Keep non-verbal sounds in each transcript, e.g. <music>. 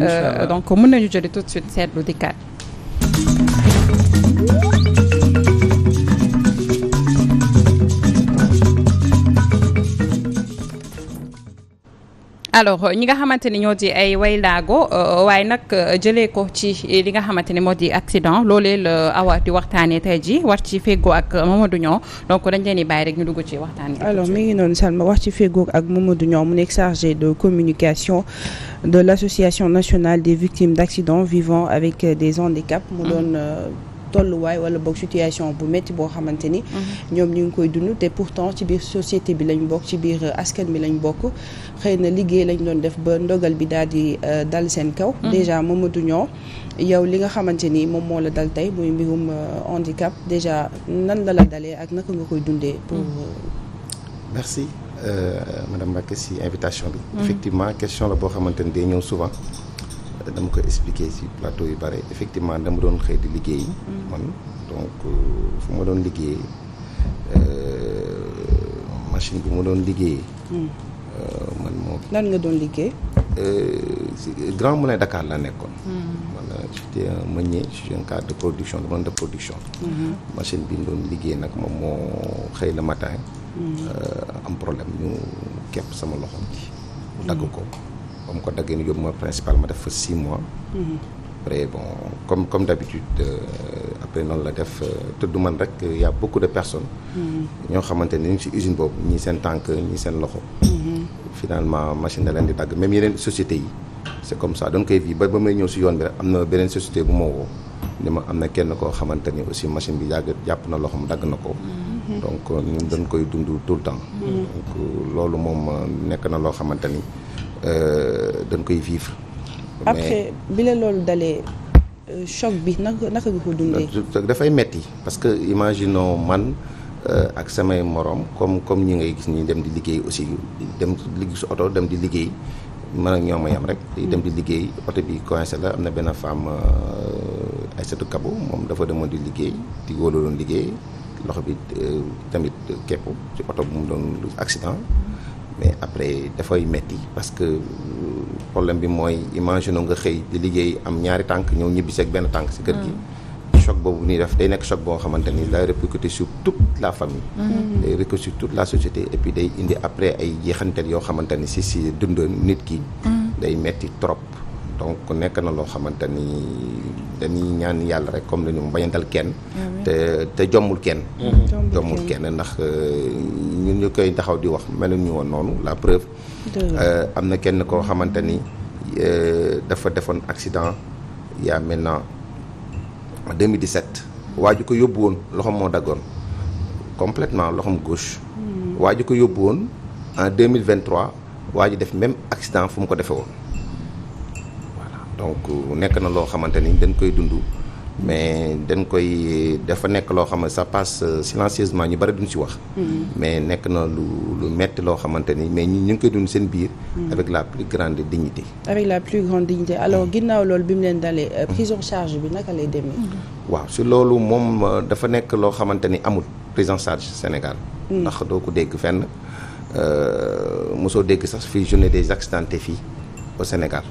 Euh, donc mën nañu jëli tout de suite seetlu dikkaat alors euh, ñi nga xamante ni ñoo di ay way waylaago euh, waaye nag euh, jëlee ko ci li nga xamante ni moo di accident loolee la awa di waxtaanee tey ji war ci feggoo ak Mamadou Niang donc dañ leen ni bàyyi rek ñu dugg ci waxtaan bi. alors mi ngi noonu Salma wax ci feggoo ak Mamadou Niang mu nekk chargé de communication de l' association nationale des victimes d' accidents vivant avec des handicaps mu mm. doon. tolluwaay wala boog situation bu métti boo xamante ni mhm. ñoom ñu ngi koy dund te pourtant ci biir société bi lañ bokk ci biir euh, askan bi lañu bokk xëy na liggéey lañ doon def ba ndogal bi daal di euh, dal seen kaw mhm. déjà Mamadou Niang yow li nga xamante ni moom moo la dal tey muy mbirum euh, handicap déjà nan la la dalee ak naka nga koy dundee pour mhm. merci invitation bi effectivement question la boo xamante ni day ñëw souvent dama ko expliquer ci plateau yu bare effectivement dama doon xëy di liggéey. Mm-hmm. man donc euh, fu ma doon liggéey euh, machine bu ma doon liggéey. Mm. Euh, man moo. lan nga doon liggéey. Grand Moulin dakaar laa nekkoon. Mm-hmm. man j'étais un meunier je suis un de production de de production. Mm-hmm. machine bi ñu doon liggéey nag moom moo xëy le matin. am problème ñu képp sama loxo bi. dagg ko. ba mu ko daggee ñu yóbbu ma principal ma def fa six mois. Mhm. après bon comme comme d'habitude euh, après noonu la def euh, te du man rek y a beaucoup de personne mhm. ñoo xamante ne ñu si usine boobu ñii seen tànk ñii seen loxo. Mhm. finalement machine da leen di dagg même yeneen société yi c'est comme ça doon koy fii ba ba may ñëw si yoon bi rek am na beneen société bu ma woo ni ma am na kenn koo xamante ni aussi machine bi yàgg jàpp na loxoom dagg na ko. donc ñun dañ koy dund tout le temps. loolu moom euh, nekk na loo xamante ni. Euh, dañ koy vivre. après bi la loolu dalee euh, choc bi naka naka nga ko dundee. Euh, dafay metti parce que imaginons man ak samay moroom comme comme ñu ngay gis ñi dem di liggéey aussi dem di gis oto dem di liggéey man ak ñoom a yam rek. dem di liggéey oto bi coincé la am na benn femme Aïssatou Kabo moom dafa demoon di liggéey di wóolu doon liggéey loxo bi tamit kepp ci oto bu mu doon accident. mais après dafay metti parce que euh, problème bi mooy imagine nga xëy di liggéey am ñaari tànk ñëw ñibbisi ak benn tànk si kër gi mm. choc boobu ñuy def day nekk choc boo xamante ni day répercuté sur toute la famille mm-hmm. Mm-hmm. day répercuté sur toute la société et day indi après ay jeexantel yoo xamante ni si si dund nit ki mm-hmm. day metti trop donc nekk na loo xamante ni dañuy ñaan yàlla rek comme dañu bañantal kenn te jommul kenn mm-hmm. jommul kenn ndax euh, ñun ñu koy taxaw di wax melu ñu woon noonu la preuve euh, am na kenn koo xamante ni euh, dafa defoon accident il y a maintenant 2017 mm-hmm. waa ji ko yóbbu woon loxom moo daggoon complètement loxom gauche mm-hmm. waa ji ko yóbbu woon en 2023 waa ji def même accident fu mu ko defee woon donc nekk na loo xamante ni dañ koy dund mais dañ koy dafa nekk loo xam ne ça passe euh, silencieusement ñu bari duñ ci wax. Mm-hmm. mais nekk na lu lu metti loo xamante ni mais ñu ngi koy dund seen biir. Mm-hmm. avec la plus grande dignité. avec la plus grande dignité alors mm-hmm. ginnaaw loolu bi mu leen dalee. Euh, prise en charge bi naka lay demee. waaw si loolu moom euh, dafa nekk loo xamante ni amul prise en charge Sénégal. ndax doo ko dégg fenn mosoo dégg sax fi journée des accidentés fii au Sénégal.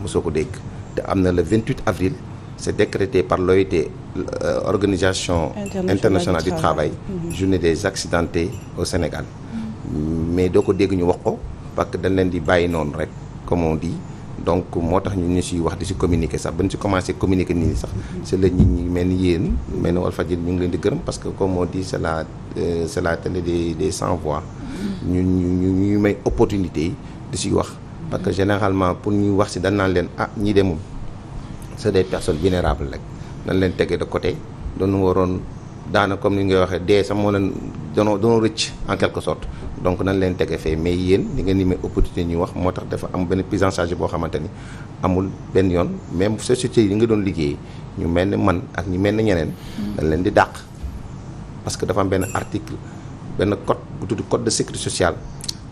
mosoo ko dégg te am na le 28 avril c'est décrété par l'OIT euh, organisation internationale du travail mm-hmm. journée des accidentés au Sénégal mm-hmm. mais doo ko dégg ñu wax ko parce que dañ leen di bàyyi noonu rek comme on dit donc moo tax ñu ñu suy wax di si communiqué sax ba ñu si commencé communiquer nii ñi sax c'est la ñi mel ni yéen mel ni Walfadjri ñu ngi leen di gërëm parce que comme on dit c'est la euh, c'est la télé des des sans voix mm-hmm. ñun ñu ñu may opportunité di si wax parce que généralement pour ñuy wax si dañ naan leen ah ñii de moom c'est des personnes vulnérables rek nañ leen tege de côté doon waroon daana comme ni ngay waxee dee sax moo leen danoo danoo rëcc en quelque sorte donc nañ leen tege fee mais yéen li nga nimee opportunité ñuy wax moo tax dafa am benn prise en charge boo xamante ni amul benn yoon même société yi nga doon liggéey ñu mel ni man ak ñu mel ni ñeneen dañ leen di dàq parce que dafa am benn article benn code bu tudd code de sécurité sociale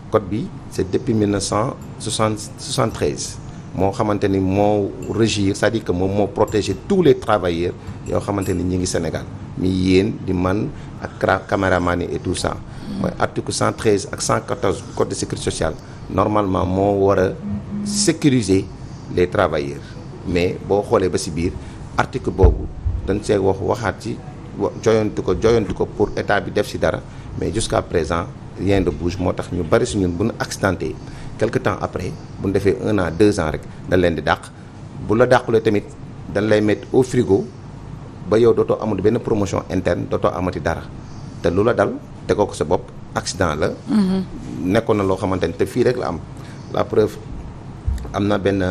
code bi c' est depuis 1973 moo xamante ni moo régir cest à moom moo protéger tous les travailleurs yoo xamante ni ñi ngi Sénégal mi yéen di man ak caméraman yi et tout ça. mooy article 113 ak 114 code de sécurité sociale normalement moo war a sécuriser les travailleurs mais boo xoolee ba si biir article boobu dañ see wax waxaat ci joyantu ko joyantu ko pour état bi def si dara mais jusqu'à présent. rien de bouge moo tax ñu bari si ñun bu ñu accidenté quelque temps après bu ñu defee un an deux ans rek dañ leen di dàq bu la dàqulee tamit dañ lay mettre au frigo ba yow dootoo amul benn promotion interne dootoo amati dara te lu la dal tegoo ko sa bopp accident la. Mhm. nekkoon na loo xamante ni te fii rek la am la preuve am na benn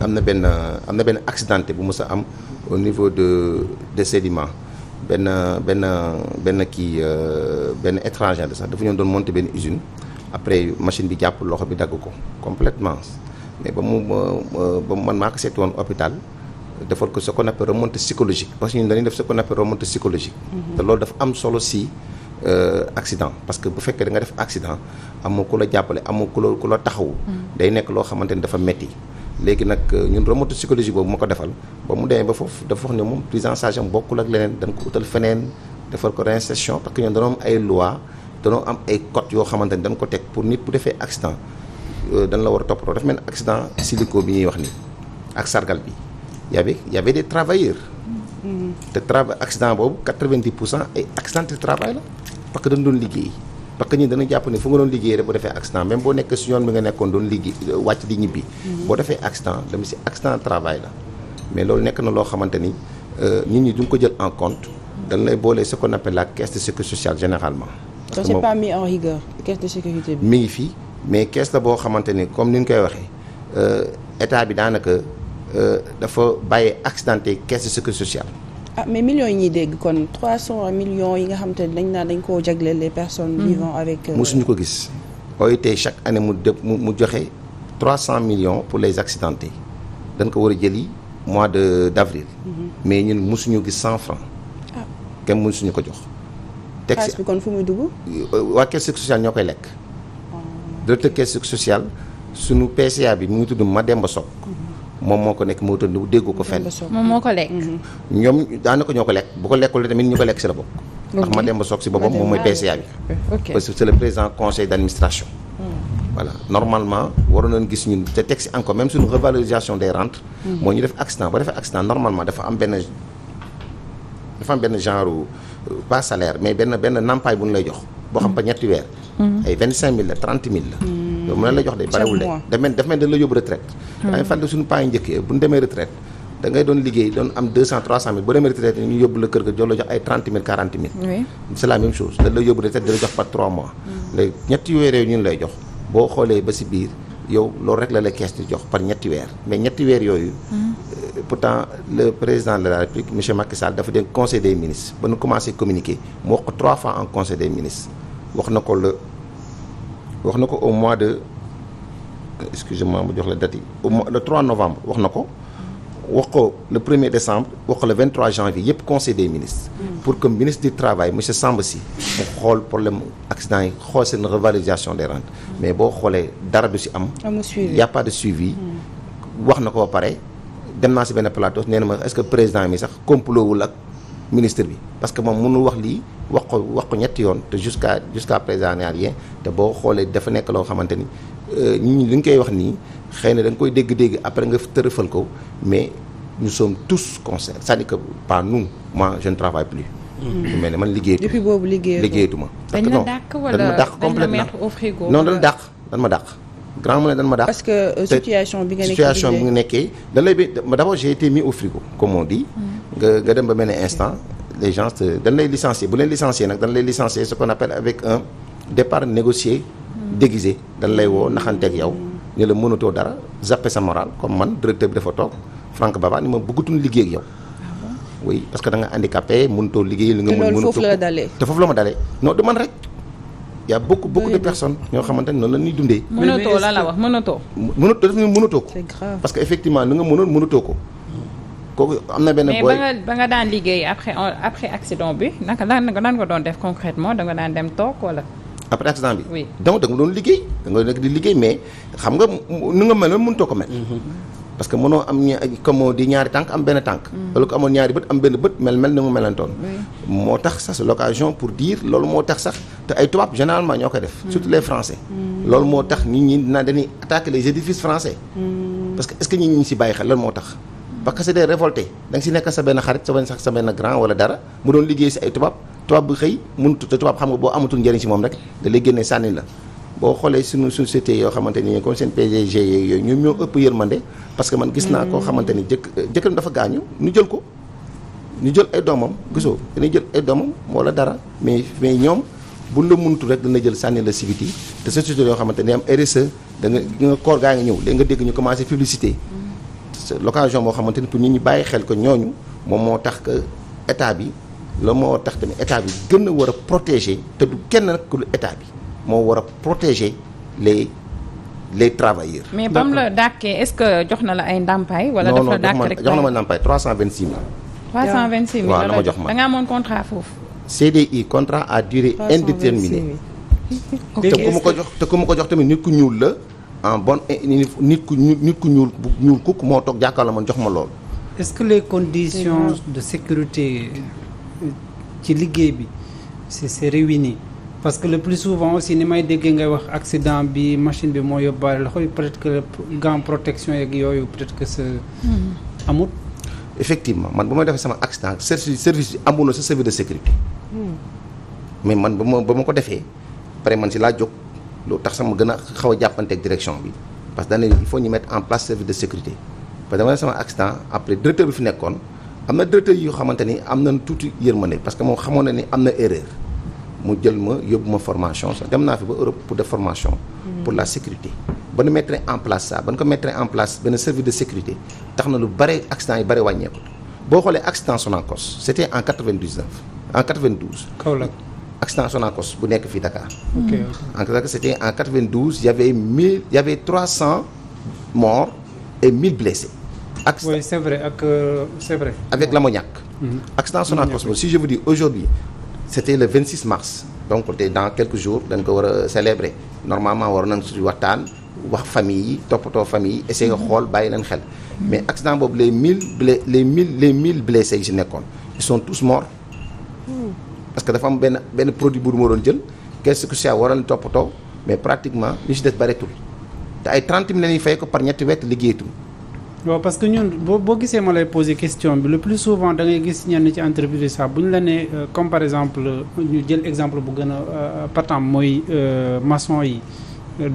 am na benn am na bu mës a am au niveau de de sédiment. benn benn benn kii euh, benn étranger la sax dafa ñëw doon monter benn usine après machine bi jàpp loxo bi dagg ko complètement mais ba mu man maa ko seeti woon hôpital defal ko ce qu'on appelle remontée psychologique parce que ñun dañuy def ce qu'on appelle remontée psychologique. Mhm. te loolu dafa am solo si euh, accident parce que bu fekkee danga def accident amoo ku la jàppale amoo ku la ku la taxawu. Mhm. day nekk loo xamante ni dafa metti léegi nag euh, ñun remontée psychologique boobu ma ko defal ba mu demee ba foofu dafa wax ne moom prise en charge am bokkul ak leneen dañ ko utal feneen defal ko réinsertion parce que ñun dañoo am ay loi dañoo am ay code yoo xamante ni dañ ko teg pour nit bu defee accident euh, dañ la war a toppatoo daf mel ni accident silico bi ñuy wax ni ak sargal bi y avait de avait mm-hmm. te trava accident boobu 90 pour cent ay accident de la parce que dañ doon liggéey parce que ñi dana ne fu nga doon liggéey rek bu defee mhm. la mais loolu nekk na loo xamante ni euh, nit ñi duñ ko jël en compte dañ lay boole ce qu'on appelle la caisse de sécurité sociale généralement. parce que moom pas mais caisse la boo xamante ni comme ni ñu koy waxee euh, état bi daa daanaka euh, dafa bàyyee accidenté caisse de sécurité sociale. ah mais million yi ñuy dégg kon 300 millions yi nga xam te dañ naa dañ koo jagleel les personnes mm. vivant avec euh, suñu ko gis OIT chaque année mu dë mu joxe 300 millions pour les accidentés dañ ko war a jëli mois de d'avril mm-hmm. mais ñun mosuñu gis 100 francs ah kenn mosuñu ko jox taxe bi kon fu muy dugg euh, waa caisse sociale ñoo koy lekk oh. directeur caisse sociale suñu PCA bi mu ngi tudd Mademba Sock mm-hmm. moom moo ko nekk moo tëdd déggu ko fenn. moom moo ko lekk. ñoom daanaka ñoo ko lekk bu ko lekkul tamit ñu ko lekk si la bokk. ndax ma dem ba soog si boppam moom mooy PCA bi. parce que c'est le président conseil d'administration. Hmm. voilà normalement waroon nañ gis ñun te teg si encore même suñu revalorisation de rentes. Hmm. mooy ñu def accident ba defee accident normalement dafa am benn dafa am benn genre euh, pas mais benn benn nampaay bu ñu lay jox. boo xam hmm. ba ñetti weer. ay loolu mu leen la jox de barewul de daf mel daf mel dañ la yóbbu retraite hmm. daañu fàtte suñu paa yi bu ñu demee retraite da doon liggéey doon am boo demee retraite ñu yóbbu la kër ga jox ay 30 mille 40 mille c'est même chose dañ yóbbu retraite di jox par 3 mois hmm. ñetti weer yooyu ñun lay la hmm. euh, président la république monsieur Macky dafa dem conseil des ministres ba nu commencé communiquer mu wax ko trois fois en conseil des ministres wax wax na ko au mois de excusez-moi ma jox la date yi au mois le 3 novembre wax na ko wax ko le 1er décembre wax ko le 23 janvier yëpp conseil des ministres mm. pour que ministre du travail monsieur Samba Sy mu xool problème accident yi xool seen revalorisation de rentes mm. mais boo xoolee dara du si am y a suivi mm. wax na ko ba pare dem naa si benn plateau nee na ma est que président mi sax complot wul ak ministre bi parce que moom mënul wax lii wax ko wax ko ñetti yoon te jusqu'à jusqu'à présent y a rien te boo xoolee dafa nekk loo xamante ni euh, ñi li ñu koy wax nii xëy na da koy dégg-dégg après nga tërëfal ko mais nous sommes tous concernés c'est-à-dire que pas nous moi je ne plus. lu mel ne man liggéeyatu depuis boobu liggéeyatu liggéeyatuma. dañ la dàq wala dañ ma dàq complètement non dañ dàq dañ ma dàq. grand mu ne dañ ma dàq. parce que euh, situation bi nga nekkee situation bi nga nekkee. dañ lay ba d'abord j'ai été mis au frigo comme on dit. Mm. nga nga dem ba mel ne instant. les gens dañ lay licencier bu leen licencier nag dañ lay licencier ce qu'on appelle avec un départ négocié déguisé dañ lay woo naxanteeg yow ne la mënatoo dara zappe sa moral comme man directeur bi dafa toog Franck Baba ni ma bëggatuñ liggéey ak yow parce que da nga mënutoo liggéey li nga mën mënutoo te foofu la ma dalee non du man rek y a beaucoup de personnes ñoo xamante ne noonu la ñuy dundee mënatoo la la wax mënatoo mënatoo mënatoo ko c'est grave parce que effectivement ni nga kooku am na benn booy. mais ba nga daan liggéey après après accident bi naka lan lan nga doon def concrètement da nga daan dem toog wala. après accident bi. oui donc da nga doon liggéey da nga nekk di liggéey mais xam nga nu nga meloon mënutoo ko mel. Mhm. am benn tànk. Mhm. wala ko amoon ñaari bët am benn bët mel mel ni mu melantoon. moo tax sax l'occasion pour dire loolu moo tax sax te ay tubaab généralement ñoo koy def. Mhm. surtout les français. loolu moo tax nit ñi dina dañuy parce que c'est des révoltés si nekk sa benn xarit sa benn sax grand wala dara mu doon liggéey si ay tubaab tubaab bu xëy mënut te tubaab xam nga boo amatul njëriñ si moom rek da lay génne sànni la boo xoolee suñu société yoo xamante ni comme seen PDG yooyu ñoom ñoo ëpp yërmande parce que man gis naa koo xamante ni jëkk jëkkëram dafa gaañu ñu jël ko ñu jël ay doomam gisoo dañuy jël ay doomam wala dara mais mais ñoom buñ la mënutu rek dana jël sànni la sibiti te yoo xamante ni am RSE da nga nga gaa ngi ñëw léegi nga dégg ñu commencé publicité c'est l'occasion boo xamante ni pour nit ñi bàyyi xel ko ñooñu moom moo tax que état bi la moo tax tamit état bi gën a war a protéger te du kenn nag ku état bi moo war a protéger les les travailleurs. mais ba mu la dàkkee est-ce que jox na la ay ndàmpaay. wala dafa la dàkk rek jox na ma ndàmpaay 326000. 326000 waaw la ma jox ma da nga amoon contrat foofu. CDI contrat à durée indéterminée. <laughs> te ku ma te ku ma ko jox tamit nit ku ñuul la. en bonne nit ku nit ku ñuul ñuul kukk moo toog jàkkaarloo man jox ma loolu. est-ce que les conditions de sécurité euh, ci liggéey bi c'est c'est réuni parce que le plus souvent aussi ni may déggee ngay wax accident bi machine bi moo yóbbaale loxo yi peut-être que gant protection yeeg yooyu peut-être que sa mm-hmm. amut effectivement man ba ma defee sama accident service bi amul na sa service de sécurité mm. mais man ba ma ba ma ko defee après man si laa jóg loolu tax sama gën a xaw a jàppanteeg direction bi parce que daanaka il faut ñu mettre en place service de sécurité parce que dama ne sama accident après directeur bi fi nekkoon am na directeur yoo xamante ni am nañ tuuti yërmande parce que moom xamoon na ni am na erreur mu jël ma yóbbu ma formation sax dem naa fi ba Europe pour def formation. Mm-hmm. pour la sécurité. ba nu mettre en place ça ba nu ko mettre en place benn service de sécurité tax na lu bare accident yi bare wàññeeku boo xoolee accident Sonacos c'était en 99 en 92. accident Sonacos bu nekk fii Dakar. ok en tout c'était en 92 il y avait 1000 il y avait 300 morts et 1000 blessés. accident oui c'est vrai ak euh, c'est vrai. avec l'ammoniac. Mhm. accident Sonacos boobu si je vous dis aujourd'hui c'était le mars. donc te dans quelques jours dañ ko war a célébrer normalement war nan suñu waxtaan wax famille yi toppatoo famille yi essayer mhm. xool bàyyi leen xel. Mhm. mais accident boobu les mille ble les 1000 les 1000 blessés yi si nekkoon ils sont tous morts. Hmm. parce que dafa am benn benn produit bu ma doon jël caisse sociale waroon toppatoo mais pratiquement li ci des bareetul te ay 30 mille la ñuy fay ko par ñetti wet liggéeyatul. waaw parce que ñun boo boo gisee ma lay poser question bi le plus souvent da ngay gis ñenn ci entreprise sax bu ñu la nee euh, comme par exemple euh, ñu jël exemple bu gën a euh, patent mooy maçon yi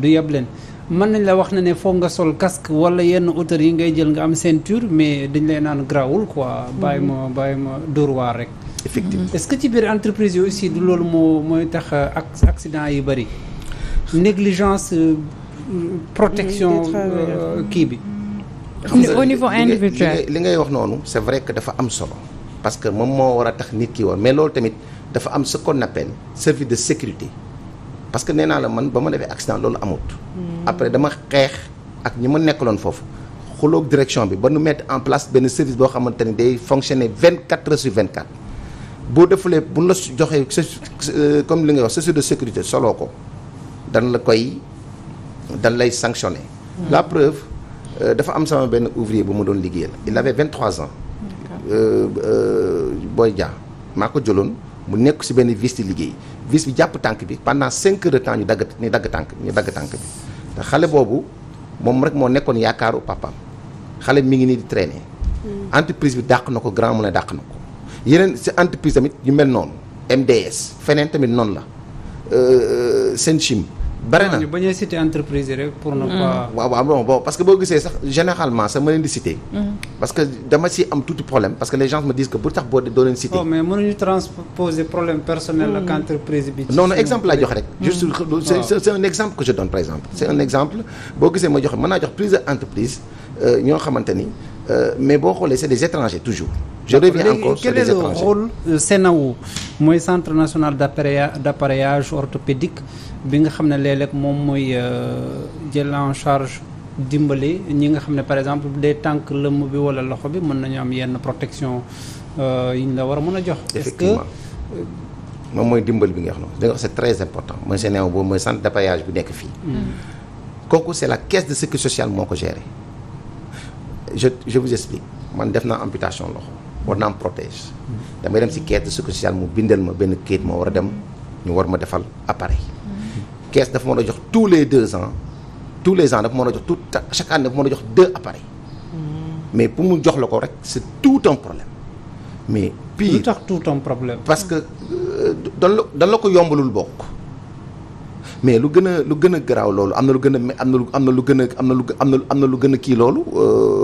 du yeb leen. mën nañ la wax ne ne foog nga sol casque wala yenn hauteur yi ngay jël nga am ceinture mais dañ lay naan grawul quoi. bàyyi ma mm-hmm. bàyyi ma dóor waar rek. effectivement est-ce que ci biir entreprise yi aussi du loolu moo mooy tax euh, ak accident yu bëri négligence euh, protection euh, kii bi au niveau individuel li ngay wax noonu c'est vrai que dafa am solo parce que moom moo war a tax nit ki woon mais loolu tamit dafa am ce qu'on appelle service de sécurité parce que nee naa la man ba ma defee accident loolu amut hmm. après dama xeex ak ñi ma nekkaloon foofu xuloog direction bi ba nu mettre en place benn service boo xamante ni day fonctionner vingt quatre heures sur vingt quatre boo defulee bu la joxee euh, comme li nga wax ceinture de sécurité solo ko dan la koy dan lay sanctionné. Hmm. la preuve euh, dafa am sama benn ouvrier bu ma doon liggéeyal. il avait 23 ans. Euh, booy jaa maa ko jëloon mu nekk si benn vis di liggéey vis bi jàpp tànk bi pendant cinq heures de temps ñu dagg ñu dagg tànk ñu dagg tànk bi te xale boobu moom rek moo nekkoon yaakaaru papaam xale mi ngi nii di traîner. Hmm. entreprise bi dàq na ko grand mu dàq na ko. yeneen si entreprise tamit yu mel noonu MDS feneen tamit noonu la euh, Senchim bare na bañ a cité entreprise rek pour ne pas. Mm. waaw waaw bon parce que boo gisee sax généralement sax ma leen di cité. Mm. parce que dama si am tuuti problème parce que les gens me disent que bu tax boo doo leen oh, mm. exemple laa joxe rek. juste c'est un exemple que je donne par exemple. c'est un exemple boo gisee ma joxe mën naa jox plusieurs entreprises euh, ñoo xamante ni euh, mais boo xoolee c'est des je reviens encore sur les étrangers rôle CNAO euh, mooy centre national d'appareillage orthopédique bi nga xam ne léeg moom mooy euh, jël en charge dimbali ñi nga xam ne par exemple des tànk lëmm bi wala loxo bi mën nañu am yenn protection euh, yi ñu la war a mën a jox. est moom mooy dimbal bi nga xam ne da nga wax c'est très mooy CNAO boobu mooy centre d'appareillage bu nekk fii. Mm. kooku c'est la caisse de sécurité sociale moo ko géré je je vous explique man def naa amputation loxo. war naa am protège damay dem si caisse de sécurité sociale mu bindal ma benn kayit moo war a dem ñu war ma defal appareil. caisse dafa mën a jox tous les deux ans tous les ans dafa mën a jox tout chaque année dafa mën a jox deux appareils. mais pour mu jox la ko rek c'est tout un problème mais. pire lu tax tout un problème. parce que dan la dan la ko yombalul bokk mais lu gën a lu gën a garaaw loolu am na lu gën a am na lu am na lu gën a am na lu am na lu gën a kii loolu. Euh,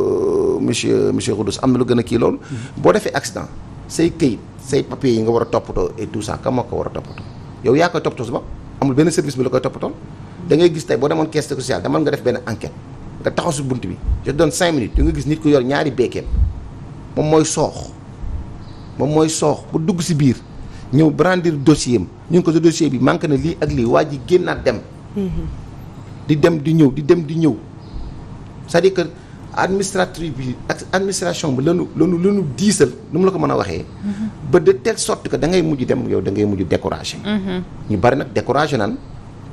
monsieur monsieur Khoudous am na lu gën a kii loolu. boo defee accident say këyit say papiers yi nga war a toppatoo et tout ça kam moo ko war a toppatoo yow yaa koy toppatoo su amul benn service bi la koy toppatoo da gis tey boo demoon caisse sociale demal nga def benn enquête nga taxaw si bunt bi je donne cinq minutes yu nga gis nit ku yor ñaari béekeem moom mooy soox moom mooy soox bu dugg si biir ñëw brandir dossier ñu ngi ko sa dossier bi manqué na lii ak lii waa ji génnaat dem. Mm-hmm. di dem di ñëw di dem administratrice bi ak administration bi lanu lanu lanu diisal nu mu la ko mën a waxee ba de telle sorte que da ngay mujj dem yow da ngay mujj découragé ñu bari nag découragé nan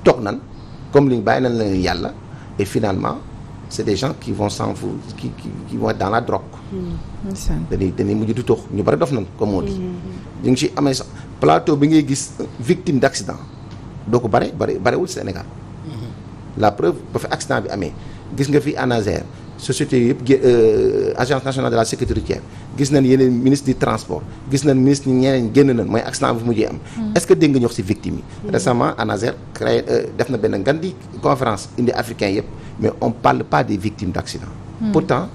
toog nan comme li bàyyi nañ leen yàlla et des gens qui vont s'en qui la drogue. Hmm. dañuy dañuy ñu bari dof nan comme on dit. Hmm. ñu ngi ci amee sax plateau bi ngay gis victime d'accident doo ko bare bare barewul Sénégal. Hmm. la preuve ba fi accident bi amee gis nga fi ANASER sociétés yëpp euh, agence nationale de la sécurité routière gis nañ yeneen ministre du transport gis nañ ministre ñi ñeneen génn nañ mooy accident bu mujjee am hmm. est que dégg nga ñu wax ci victimes yi hmm. récemment ANASER créé euh, def na benn ngan di conférence indi africain yëpp mais on parle pas des victimes d'accident hmm. pourtant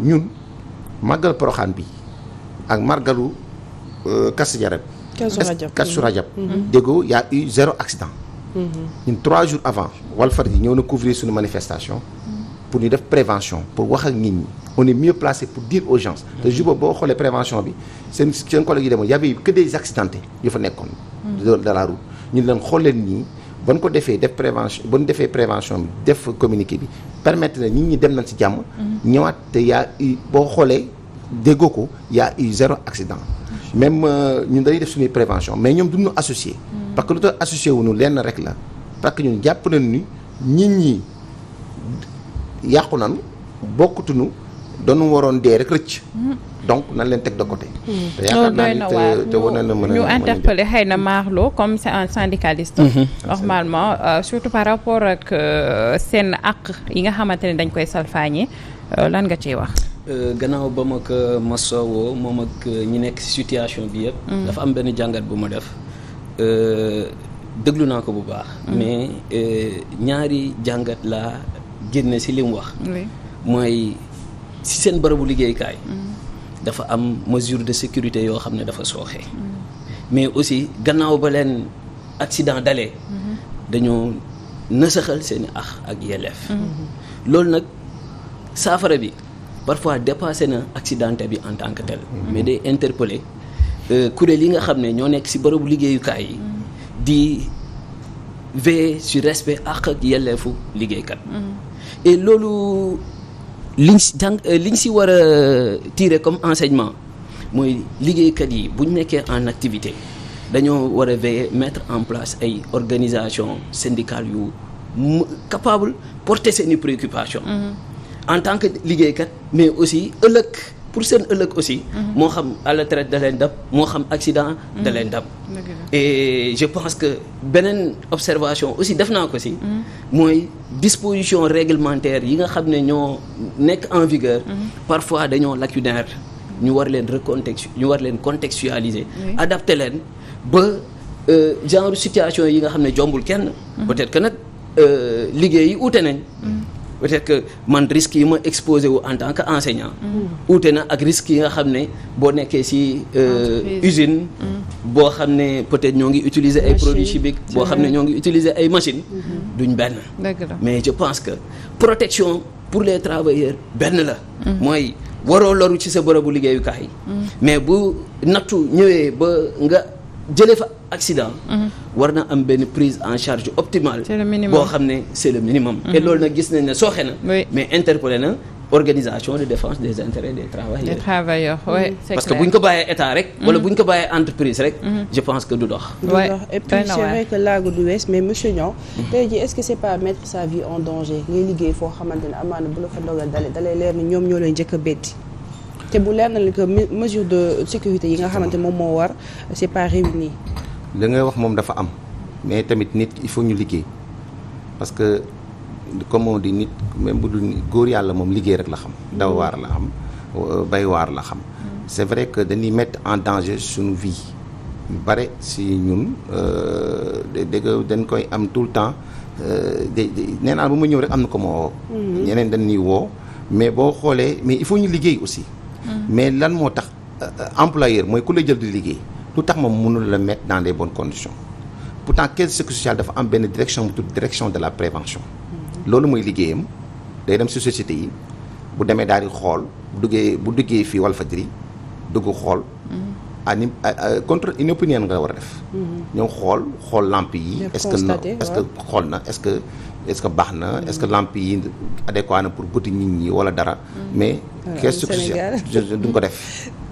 ñun maggal Poroxaan bi ak màggalu euh, Kazu Rajab Kazu Rajab déggoo y a eu zéro accident ñun trois jours avant Walfadjri ñëw na couvrir suñu manifestation pour ñu def prévention pour wax ak nit ñi on est mieux placé pour dire aux gens. te juba boo xoolee prévention bi seen seen collègue yi demoon y avait que des accidentés yu fa nekkoon. Hmm. de la leen xool leen nii ba ñu ko defee def prévention ba ñu defee prévention bi def communiqué bi permettre na nit ñi dem nañ si jàmm. Hmm. ñëwaat te yaa boo xoolee déggoo ko yaa eu zéro accident. même euh, ñun dañuy def suñuy prévention mais ñoom duñu associé. Hmm. parce que lu tax associé lenn rek la parce que ñun jàpp nañu ni nit ñi. yàqu nanu bokkutunu dañu waroon dee rek rëcc. donc nan leen teg de côté. Hmm. te yaakaar naa ni te te wane na mën ñu interpellé xëy na Marlo comme c'est un syndicaliste. Mhm. normalement euh, surtout par rapport ak euh, seen àq yi nga xamante ne dañ koy salfaañee euh, lan nga ciy wax. gannaaw ba ma ko ma soowoo moom ak ñi nekk ci situation bi yëpp. Hmm. dafa am benn jàngat bu ma def. déglu naa ko bu baax. Hmm. mais ñaari jàngat la génne si li mu wax. mooy si seen bërëbu liggéeykaay. Mm. dafa am mesure de sécurité yoo xam ne dafa sooxe. Mm. mais aussi gannaaw ba leen accident dalee. Mm-hmm. dañoo nasaxal seen i ak yelleef. Mm-hmm. loolu nag saafara bi parfois dépassé na accidenté bi en tant que tel. Mm-hmm. mais day interpellé euh, kuréel yi nga xam ne ñoo nekk si bërëbu liggéeyukaay yi. di veiller sur respect ak yelleefu liggéeykat. et loolu liñ si li euh, liñ si war a tirer comme enseignement mooy liggéeykat yi bu ñu nekkee en activité dañoo war a veiller mettre en place ay organisation syndicale yu capable porter seeni préoccupation mm-hmm. en tant que liggéeykat mais aussi ëllëg pour seen ëllëg aussi. Mhm. moo xam à la traite da leen dab moo xam accident. da mhm. dab. et je pense que beneen observation aussi def naa ko si. Mhm. mooy disposition réglementaire yi nga xam ne ñoo nekk en vigueur. parfois dañoo lacunaire ñu war leen recontext ñu war leen contextualiser. adapter leen ba euh, genre situation yi nga xam ne jombul kenn. peut-être que nag euh, liggéey yi uute nañ. peut-être que man risque yi ma exposé wu en tant que enseignant mm-hmm. uute na ak risque yi nga xam ne boo nekkee ci euh, usine mm-hmm. boo xam ne peut ñoo ngi utiliser ay produits chimiques boo xam ne ñoo ngi utiliser ay machine mm-hmm. duñ benn mais je pense que protection pour les travailleurs benn la mooy waroo loru ci sa bërëbu liggéeyukaay mais bu nattu ñëwee ba nga jële fa accident mhm. war na am benn prise en charge optimale boo xam ne c'est le minimum et mhm. loolu nag gis nañ ne sooxe na mais interpellé na organisation de défense des intérêts des travailleurs. des travailleurs oui, mhm. c'est parce clair. que bu ñu ko bàyyee état rek. wala bu ñu ko bàyyee entreprise rek. je pense que du dox. du dox et puis c'est vrai laago du wees mais monsieur Niang. tey jii est-ce que c'est pas mettre sa vie en danger ngay liggéey foo xamante ne amaana bu la fa dogal dalee dalee leer ni ñoom ñoo lay moom moo war li ngay wax moom dafa am mais tamit nit il faut ñu liggéey parce que comme on dit nit même bu dul góor yàlla moom liggéey rek la xam daw waar la xam bay waar la xam c'est vrai que dañuy mettre en danger suñu vie bare si ñun euh, dégg dañ koy am tout le temps euh, de nee naa bu ma ñëw rek am na ko ma woo mm-hmm. ñeneen dañuy woo mais boo xoolee mais il faut ñu liggéey aussi mm-hmm. mais lan moo tax euh, employeur mooy ku la jël di liggéey lu tax moom mënul la mettre dans les bonnes conditions pourtant caisse de sécurité dafa am benn direction bu tudd direction de la prévention loolu mooy liggéeyam day dem ci société yi bu demee daal di xool bu duggee bu duggee fii Walfadjri dugg xool mm-hmm. ani contre une opinion nga war a def mm-hmm. ñëw xool xool lampe yi est-ce que est-ce que xool na est-ce que est-ce que baax na est-ce làmp mm-hmm. lampe yi adéquat na pour bëti nit ñi wala dara mais caisse de duñ ko def <laughs>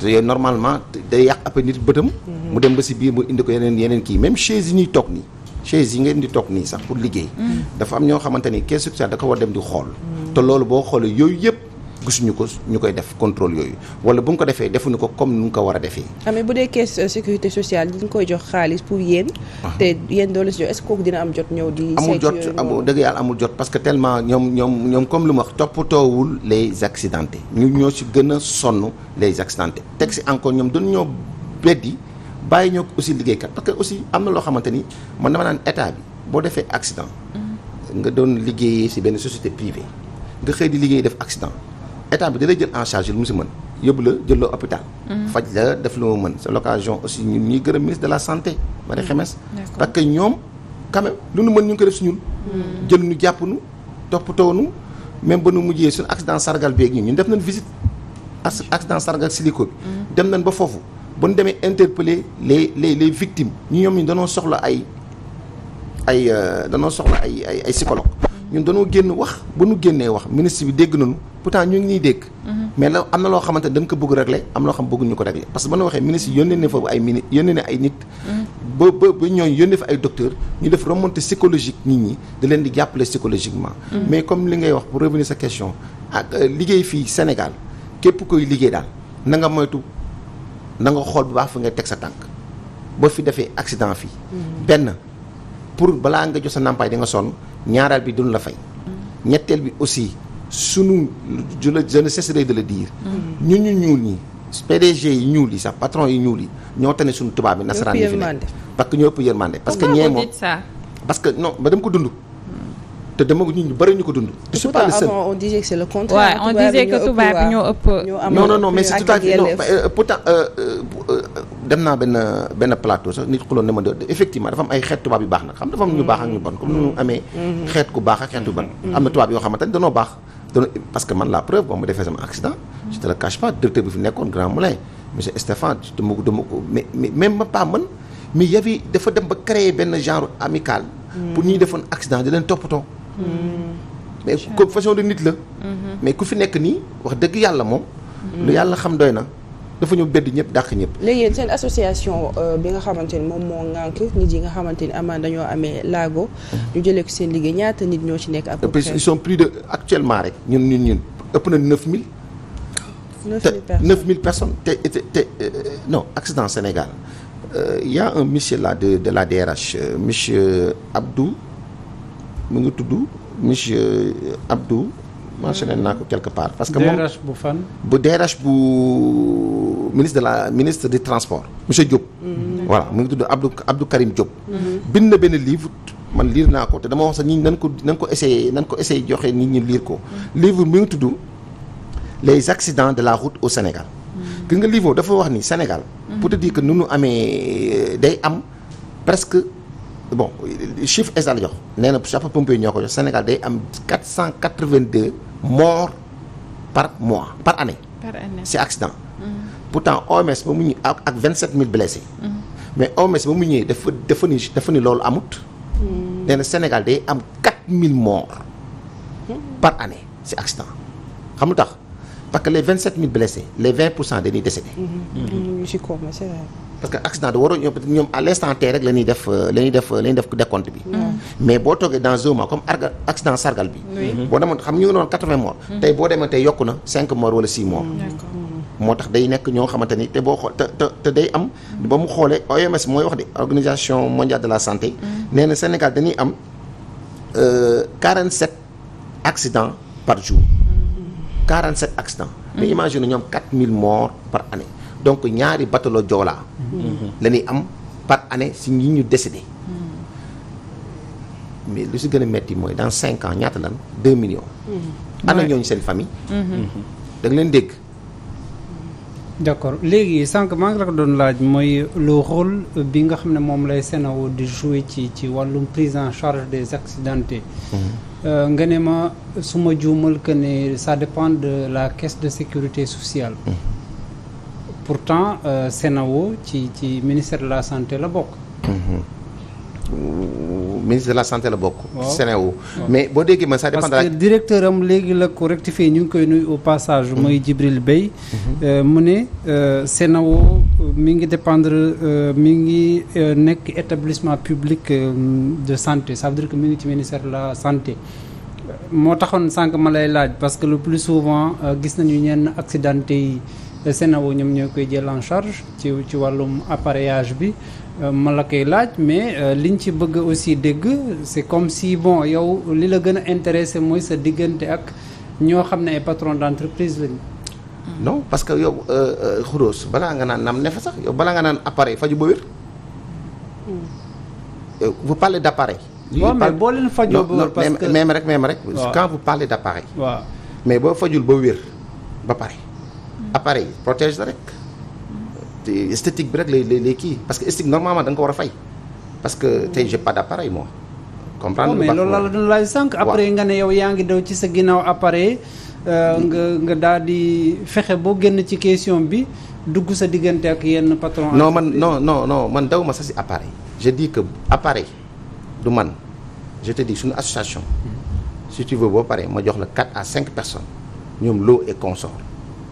te normalement day yàq après nit bëtam. mu dem ba si biir mu indi ko yeneen yeneen kii même chaise yi ñuy toog nii. chaise yi ngeen di toog nii sax pour liggéey. Mm. dafa am ñoo xamante ni caisse da ko war dem di xool. te loolu boo xoolee yooyu yëpp. gisuñu ko ñu koy def contrôle yooyu wala bu ñu ko defee defuñu ko comme nu nga ko war a defee. mais bu dee caisse euh, sécurité sociale ñu koy jox xaalis pour yéen. Ah. te yéen doo si jox est-ce kooku dina am jot ñëw di. amul jot amul dëgg yàlla amul jot parce que tellement ñoom ñoom ñoom comme lu ma wax toppatoowul les accidentés ñu ñoo si gën a sonn les accidentés teg si encore ñoom dañu ñoo beddi bàyyi ñoo aussi liggéeykat parce que aussi am na loo xamante ni man dama naan état boo defee accident. Mm-hmm. nga doon liggéeyee si benn société privée nga xëy di liggéey def accident. état bi da jël en charge lu mu si mën yóbbu la jël la hôpital. Mm-hmm. faj la def lu mu mën c'est l'occasion aussi ñun ñuy gërëm ministre de la santé. Marie mm-hmm. Khemesse parce que ñoom quand même lu nu mën ñu ngi ko def si ñun. Mm-hmm. jël nu jàpp nu toppatoo nu même ba nu mujjee suñu accident sargal beeg ñun ñun def nañ visite. accident sargal silico bi. dem nañ ba foofu ba ñu demee interpeller les les les victimes ñu ñoom ñu danoo soxla ay ay euh, danoo soxla ay ay ay psychologue ñun dañoo génn wax bu nu génnee wax ministre bi dégg nañu pourtant ñu ngi ñuy dégg. Mhm. mais la am na loo xamante ne dañ ko bëgg régler am na loo xam bëgguñu ko régler parce que ba nu waxee ministre yi yónnee na fa ay mini mhm. ñooñu yónnee fa ay docteur ñu def remontée psychologique nit ñi da leen di jàppale psychologiquement. Mhm. mais comme li ngay wax pour revenir sa question ak euh, liggéey fii Sénégal képp koy liggéey daal na nga moytu na nga xool bu baax fi nga teg sa tànk boo fi defee accident fii pour balaa nga jox sa ndàmpaay di nga sonn ñaareel bi duñ la fay. ñetteel bi aussi sunu je le je ne cesserai de mm-hmm. ñu ñuul ñi PDG yi ñuul yi sax patron yi ñuul yi ñoo tane sunu tubaab yi nasaraan yi fi nekk parce que ñoo ëpp yërmande parce que ñee moom parce que non ba dem ko dund. te dama ñu bari ñu ko dund. je suis pas le seul on disait que c'est le contraire. on disait que tubaab bi ñoo ëpp. non non non mais de mm-hmm. amee. Mm-hmm. xeet ku baax ak xeet yu bon. Mm-hmm. am na tubaab yoo xamante ne danoo baax. danoo parce man la preuve boo ma defee sama accident. je te le cache pas bi fi nekkoon grand moulin monsieur Stéphane dama ko dama ko mais même ma pas man mais y dafa dem ba créer benn genre amical. pour ñuy defoon accident di leen toppatoo. Mm-hmm. mais ko façon de nit la. Mm-hmm. mais ku fi nekk nii wax dëgg yàlla moom. Mm-hmm. lu yàlla xam doy na. dafa ñu bedd ñëpp dàq ñëpp. léegi seen association euh, bi nga xamante ni moom moo ŋànk nit yi nga xamante ni amaan dañoo amee laago. ñu jëlee ko seen liggéey ñaata nit ñoo ci nekk. à peu près ils sont plus de actuellement rek ñun ñun ñun ëpp na 9000. 9000 personnes te 9000 te euh, non accident Sénégal euh, y a un monsieur de la DRH monsieur Abdou. mu ngi tudd monsieur euh, Abdou. mentionné naa ko quelque part. parce que moom DRH bu fan. bu ministre de la ministre des transports monsieur Diop. Mm-hmm. mu ngi tudd Abdou Abdou Karim Diop. Mm-hmm. bind na benn livre man liir naa ko te dama wax sax ñi nan ko nan ko essayé nan ko essayé joxe nit ñi liir ko. Mm-hmm. livre mi ngi tudd les accidents de la route au Sénégal. gis nga livre dafa wax ni Sénégal. pour te dire nu nu amee euh, day am presque. bon chiffre exact la jox nee na sapeurs-pompiers ñoo ko jox Sénégal day am 482 par mois par année. par année si accident. Mm-hmm. pourtant OMS ba mu ñëw ak 27000 blessés. Mm-hmm. mais OMS ba mu ñëwee dafa dafa ni dafa ni loolu amut. Mm-hmm. nee na Sénégal day am 4000 morts par année si accident xam lu tax parce que les 27000 blessés les 20 pour cent dañuy décédé. parce que accident de waroo ñoom à l' instant def la ñuy def la ñuy def bi. Mm. mais boo toogee dans un comme arga accident sargal bi. Mm-hmm. boo demoon xam ñu ngi noonu quatre vingt morts. Mm-hmm. tey boo demee tey yokku na cinq morts wala six morts. Mm-hmm. moo tax day nekk ñoo xamante ni te boo xool day ba mu xoolee OMS mooy organisation mondiale de la santé. nee na Sénégal dañuy am euh, quarante sept accidents par jour. quarante sept accidents. mais mille morts par année. donc ñaari batalo Joola mm-hmm. la am par année si ñu décédé mm-hmm. mais lu si gën a metti mooy dans cinq ans ñaata lan deux millions mm-hmm. ana ñooñu seen famille da leen dégg d' accord léegi sànq maa ngi la ko doon laaj mooy le rôle bi nga xam ne moom lay Sen'Eau di jouer ci ci wàllum prise en charge des accidentés euh, nga ne ma su ma juumal que ne ça dépend de la caisse de sécurité sociale pourtant CENAO euh, ci ci ministère de la santé la bokk. Mhm. ministre de la santé la bokk. waaw mais boo déggee ma sa dépend. parce que léegi la ko rectifié ñu ngi koy nuyu au passage. Mhm. mooy Djibril Bey. Mhm. Euh, mu ne CENAO euh, mi ngi dépendre mi ngi nekk établissement public de santé ça veut dire que mi ngi ci ministère de la santé. moo taxoon sànq ma lay laaj parce que le plus souvent gis nañu ñenn accidenté yi. CENAO ñoom ñoo koy jël en charge ci ci wàllum appareillage bi euh, ma la koy laaj mais li euh, liñ ci bëgg aussi dégg c'est comme si bon yow li la gën a intéressé mooy sa diggante ak ñoo xam ne ay patron d'entreprise lañu. non parce que yow euh, Khoudoss balaa nga naan nam ne fa sax yow balaa nga naan appareil faju ba wér. Hmm. vous parlez d'appareil. waaw mais boo fajoo ba wér parce rek même rek. quand vous parlez d'appareil. mais boo fajul ba wér ba pare. appareil protège la rek te esthétique bi rek lay lay kii parce que esthétique normalement da nga ko war a fay parce que tey j'ai pas d'appareil moi comprendre mais loolu la doon laaj sànq après nga ne yow yaa ngi daw ci sa ginnaaw appareil euh, nga nga daal di fexe boo génn ci question bi dugg sa diggante ak yenn patron non man non non man daw ma sa si appareil je dis que appareil du man je te dis suñu association si boo pare ma jox la 4 à cinq personnes ñoom loo et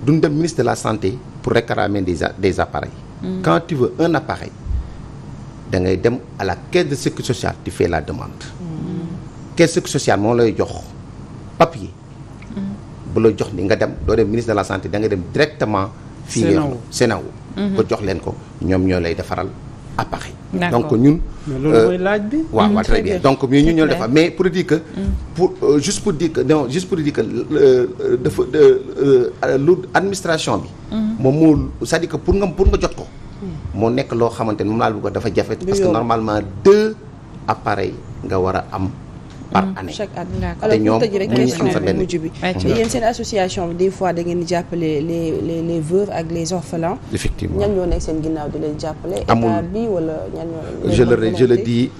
duñ dem ministre de la santé pour réclamer des des appareils. Mmh. quand tu da ngay dem à la caisse de sécurité sociale tu fais la demande. Mmh. caisse de sécurité sociale moo lay jox papier. Mm. bu la jox ni nga dem doo dem ministre de la santé da ngay dem directement. fii ngeen ko mm-hmm. jox leen ko ñoom ñoo lay defaral. à Paris. donc ñun. Euh, laaj bi. waaw waaw très bien donc ñun ñu ñoo def mais pour dire que. Mm. pour euh, juste pour dire que juste pour dire euh, dafa lu administration bi. Mm. moom moo cest à pour nga pour nga jot ko. moo nekk loo xamante ni moom laa bëgg ko dafa jafe. parce que normalement deux appareils nga war a am. par mm, année. chaque année te ñoom ñu ngi am fa benn mujj bi mm. yéen seen association fois da ngeen di jàppale les les les veuves ak les orphelins. effectivement ñan ñoo nekk seen ginnaaw di leen jàppale. amul état bi wala ñan ñoo. je le je le dis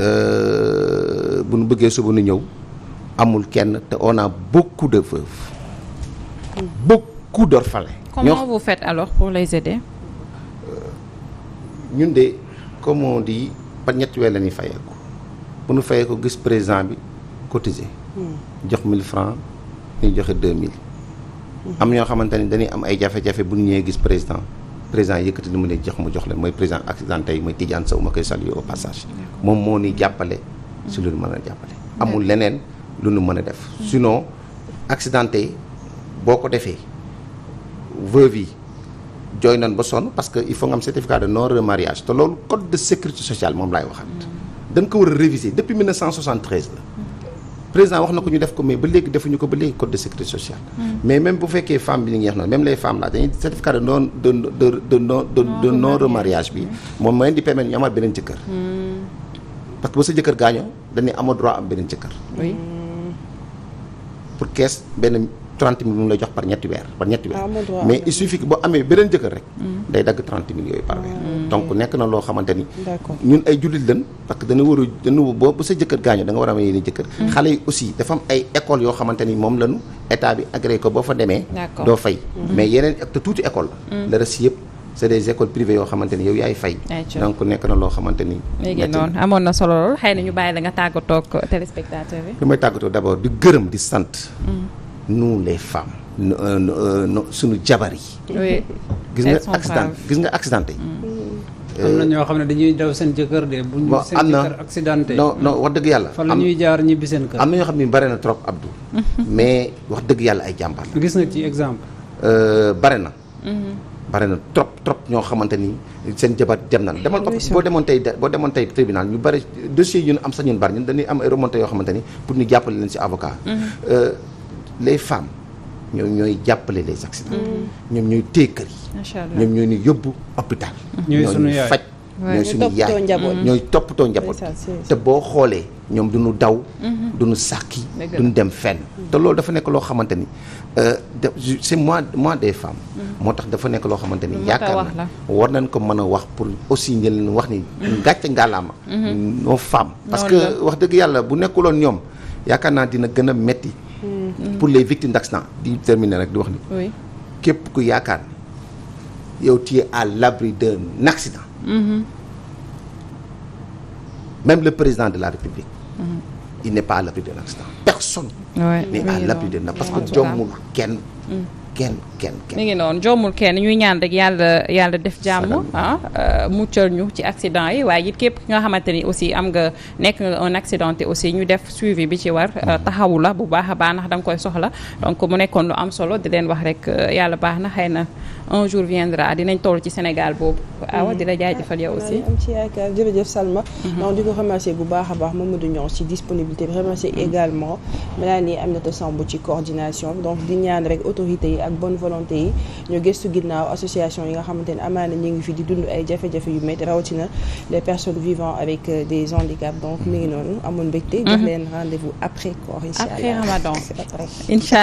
euh, bu nu bëggee suba nu ñëw amul kenn te on a beaucoup de veuves. Mm. beaucoup d'orphelins. comment vous faites alors pour les aider. Euh, ñun de comme on dit ñetti weer la ñuy fayeeku bu nu fayee ko gis président bi cotiser hmm. jox 1000 francs ñu joxe mille hmm. am ñoo xamante ni dañuy am ay jafe-jafe bu ñu ñëwee gis président président yëkkati ni mu ne jox mu jox leen mooy président accidente yi mooy Tidiane Sow ma koy saluer au passage. moom moo ni jàppale si lu nu mën a jàppale. amul leneen lu nu mën a def. sinon accidente yi boo ko defee veuve yi jooy nañ ba sonn parce que il faut nga am certificat de non remariage te loolu code de moom laay waxat dañ ko war a réviser depuis 1973 la président wax na ko ñu def ko mais ba léegi defuñu ko ba léegi code de sécurité sociale. Mm. mais même bu fekkee femme bi ñu ngi noonu même les femmes là dañuy certificat de non de de de non remariage bi moom mooy di permettre ñu amaat beneen jëkkër. Mm. parce ba sa jëkkër gaañoo dañuy amoo droit am beneen jëkkër. pour kees benn. 30 mille mu ngi lay jox par ñetti weer par ñetti weer ah, mais il suffit boo amee beneen jëkkër rek mm. day dagg 30 mille yooyu par weer mm. donc nekk na loo xamante ñun ay jullit lañ parce dana war a dana war a am jëkkër mm. xale yi aussi dafa am ay école yoo xamante moom lañu état bi agréé ko boo fa demee doo fay mais yeneen te tuuti école la le reste yëpp c'est des écoles yoo xamante ni yaay fay donc nekk na loo xamante léegi noonu amoon na solo lool xëy nous les femmes euh, euh, suñu jabar yi gis nga accident gis nga accidenté mm. euh, am na ñoo xam ne dañuy daw seen jëkkër de bu ñu seen jëkkër accidenté non non wax dëgg yàlla fan la ñuy jaar ñibbi seen kër am na ñoo xam ne bare na trop Abdou <laughs> mais wax dëgg yàlla ay jàmbaar gis nga ci exemple bare na mm-hmm. bare na trop trop ñoo xamante ni seen jabar dem nañ demal boo demoon tey boo demoon tey tribunal ñu bare dossier yu ñu am sax ñun bari ñun dañuy am ay remonté yoo xamante ni pour ñu jàppale leen ci avocat mm-hmm. les femmes ñoom ñooy jàppale les accidents. Mm. ñoom ñooy téye kër yi. macha allah ñoom ñoo ñu yóbbu hôpital. Mm. ñooy sunu yaay mm. ñooy toppatoo njaboot te boo xoolee ñoom du ñu daw. Mm-hmm. du ñu sàkki du ñu dem fenn. Mm-hmm. te loolu dafa nekk loo xamante ni euh, c'est moi moi des femmes. Mm-hmm. moo tax dafa nekk loo xamante ni yaakaar na war ko mën a wax pour aussi ñu leen wax ni. gàcce ngàllaama. nos femmes. parce que wax dëgg yàlla bu nekkuloon ñoom yaakaar naa dina gën a metti Mm-hmm. pour les victimes d' accident di terminer rek di wax ni képp ku yaakaar yow tu à l'abri d'un accident mm-hmm. même le président de la république mm-hmm. il n'est pas à l'abri d'un accident personne n'est à l'abri d'un accident parce que jommul kenn kenn kenn kenn. mi ngi noonu joomul kenn ñuy ñaan rek yàlla yàlla def jàmm. Ah, euh, muccal ñu ci accident yi waaye it képp ki nga xamante ni aussi am nga nekk nga un accidenté aussi ñu def suivi bi ci war. Euh, mm-hmm. taxawu la bu baax a baax ndax da nga koy soxla. donc mu nekkoon lu am solo di leen wax rek euh, yàlla baax na xay na un jour viendra dinañ toll ci Sénégal boobu. awa mm-hmm. di la jaajëfal yow aussi. am ci yaakaar jërëjëf Salma. donc mm-hmm. di ko remercier bu baax a baax Mamadou Niang ci disponibilité bi remercier également Mélanie Aminata Samb ci coordination donc di ñaan ak bonne volonté yi ñu gëstu ginnaaw association yi nga xamante ne amaana ñu ngi fii di dund ay jafe-jafe yu métti rawatina les personnes vivant avec euh, des handicaps donc mi ngi noonu amul mbégte. Mhm. jox leen rendez-vous après koor incha allah après <laughs>